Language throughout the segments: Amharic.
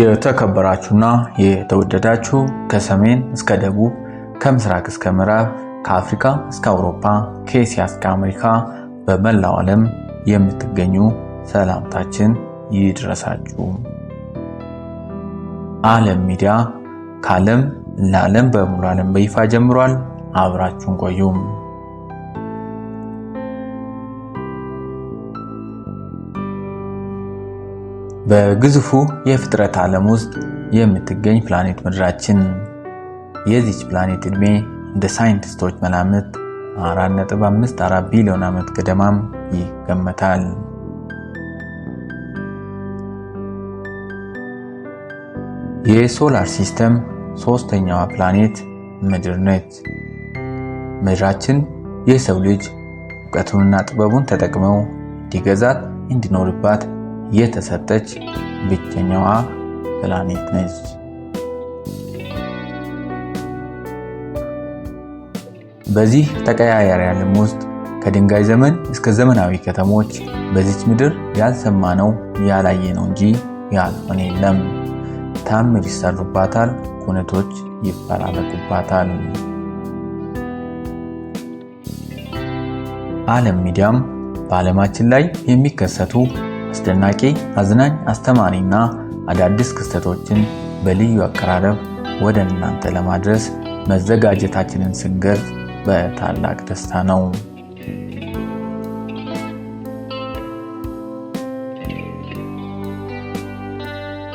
የተከበራችሁና የተወደዳችሁ ከሰሜን እስከ ደቡብ ከምስራቅ እስከ ምዕራብ ከአፍሪካ እስከ አውሮፓ ከእስያ እስከ አሜሪካ በመላው ዓለም የምትገኙ ሰላምታችን ይድረሳችሁ። ዓለም ሚዲያ ከዓለም ለዓለም በሙሉ ዓለም በይፋ ጀምሯል። አብራችሁን ቆዩም በግዙፉ የፍጥረት ዓለም ውስጥ የምትገኝ ፕላኔት ምድራችን። የዚች ፕላኔት ዕድሜ እንደ ሳይንቲስቶች መላምት 4.54 ቢሊዮን ዓመት ገደማም ይገመታል። የሶላር ሲስተም ሶስተኛዋ ፕላኔት ምድር ነች። ምድራችን የሰው ልጅ እውቀቱንና ጥበቡን ተጠቅመው እንዲገዛት እንዲኖርባት የተሰጠች ብቸኛዋ ፕላኔት ነች። በዚህ ተቀያያሪ ዓለም ውስጥ ከድንጋይ ዘመን እስከ ዘመናዊ ከተሞች በዚች ምድር ያልሰማነው ያላየነው እንጂ ያልሆነ የለም። ታምር ይሰሩባታል፣ ኩነቶች ይፈራረቁባታል። ዓለም ሚዲያም በዓለማችን ላይ የሚከሰቱ አስደናቂ፣ አዝናኝ፣ አስተማሪና አዳዲስ ክስተቶችን በልዩ አቀራረብ ወደ እናንተ ለማድረስ መዘጋጀታችንን ስንገልጽ በታላቅ ደስታ ነው።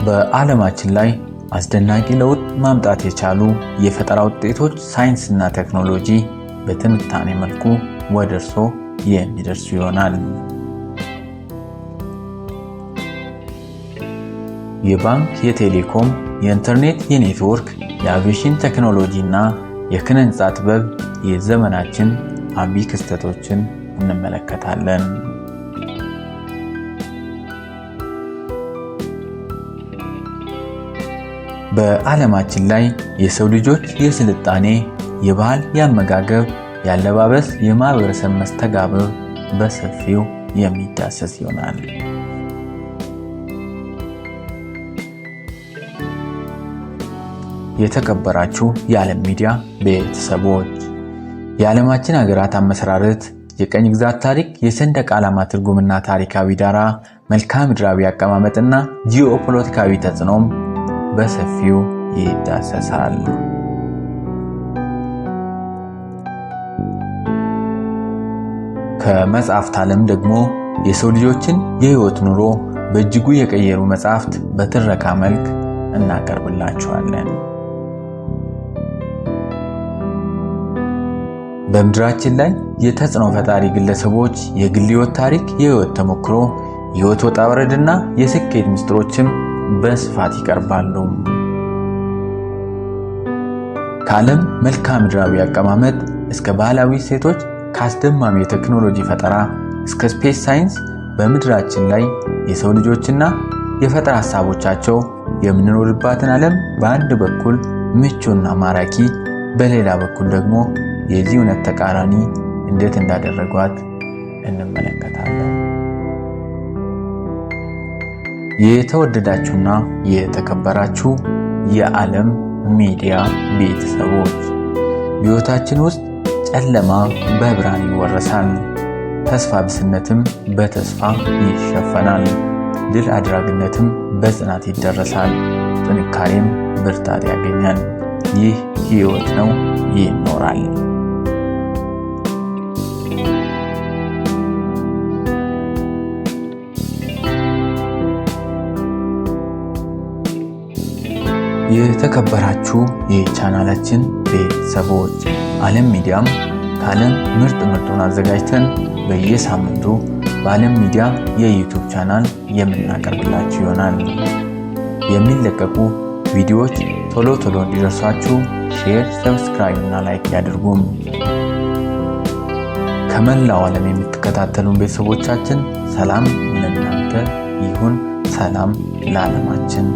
በዓለማችን ላይ አስደናቂ ለውጥ ማምጣት የቻሉ የፈጠራ ውጤቶች ሳይንስና ቴክኖሎጂ በትንታኔ መልኩ ወደ እርሶ የሚደርሱ ይሆናል። የባንክ፣ የቴሌኮም፣ የኢንተርኔት፣ የኔትወርክ፣ የአቪሽን ቴክኖሎጂ እና የኪነ ህንፃ ጥበብ የዘመናችን አቢ ክስተቶችን እንመለከታለን። በዓለማችን ላይ የሰው ልጆች የስልጣኔ፣ የባህል፣ የአመጋገብ፣ የአለባበስ፣ የማህበረሰብ መስተጋብር በሰፊው የሚዳሰስ ይሆናል። የተከበራችሁ የዓለም ሚዲያ ቤተሰቦች የዓለማችን ሀገራት አመሰራረት፣ የቀኝ ግዛት ታሪክ፣ የሰንደቅ ዓላማ ትርጉምና ታሪካዊ ዳራ፣ መልክዓ ምድራዊ አቀማመጥና ጂኦፖለቲካዊ ተጽዕኖም በሰፊው ይዳሰሳል። ከመጽሐፍት ዓለም ደግሞ የሰው ልጆችን የህይወት ኑሮ በእጅጉ የቀየሩ መጽሐፍት በትረካ መልክ እናቀርብላችኋለን። በምድራችን ላይ የተጽዕኖ ፈጣሪ ግለሰቦች የግል ታሪክ፣ የህይወት ተሞክሮ፣ የህይወት ወጣ ውረድና የስኬት ምስጢሮችም በስፋት ይቀርባሉ። ከዓለም መልክዓ ምድራዊ አቀማመጥ እስከ ባህላዊ እሴቶች፣ ከአስደማሚ የቴክኖሎጂ ፈጠራ እስከ ስፔስ ሳይንስ በምድራችን ላይ የሰው ልጆችና የፈጠራ ሀሳቦቻቸው የምንኖርባትን ዓለም በአንድ በኩል ምቹና ማራኪ፣ በሌላ በኩል ደግሞ የዚህ እውነት ተቃራኒ እንዴት እንዳደረጓት እንመለከታለን። የተወደዳችሁና የተከበራችሁ የዓለም ሚዲያ ቤተሰቦች በሕይወታችን ውስጥ ጨለማ በብርሃን ይወረሳል፣ ተስፋ ብስነትም በተስፋ ይሸፈናል፣ ድል አድራጊነትም በጽናት ይደረሳል፣ ጥንካሬም ብርታት ያገኛል። ይህ ሕይወት ነው፣ ይኖራል። የተከበራችሁ የቻናላችን ቤተሰቦች ዓለም ሚዲያም ከዓለም ምርጥ ምርጡን አዘጋጅተን በየሳምንቱ በዓለም ሚዲያ የዩቱብ ቻናል የምናቀርብላችሁ ይሆናል። የሚለቀቁ ቪዲዮዎች ቶሎ ቶሎ እንዲደርሷችሁ ሼር፣ ሰብስክራይብ እና ላይክ ያድርጉም። ከመላው ዓለም የምትከታተሉን ቤተሰቦቻችን ሰላም ለእናንተ ይሁን። ሰላም ለዓለማችን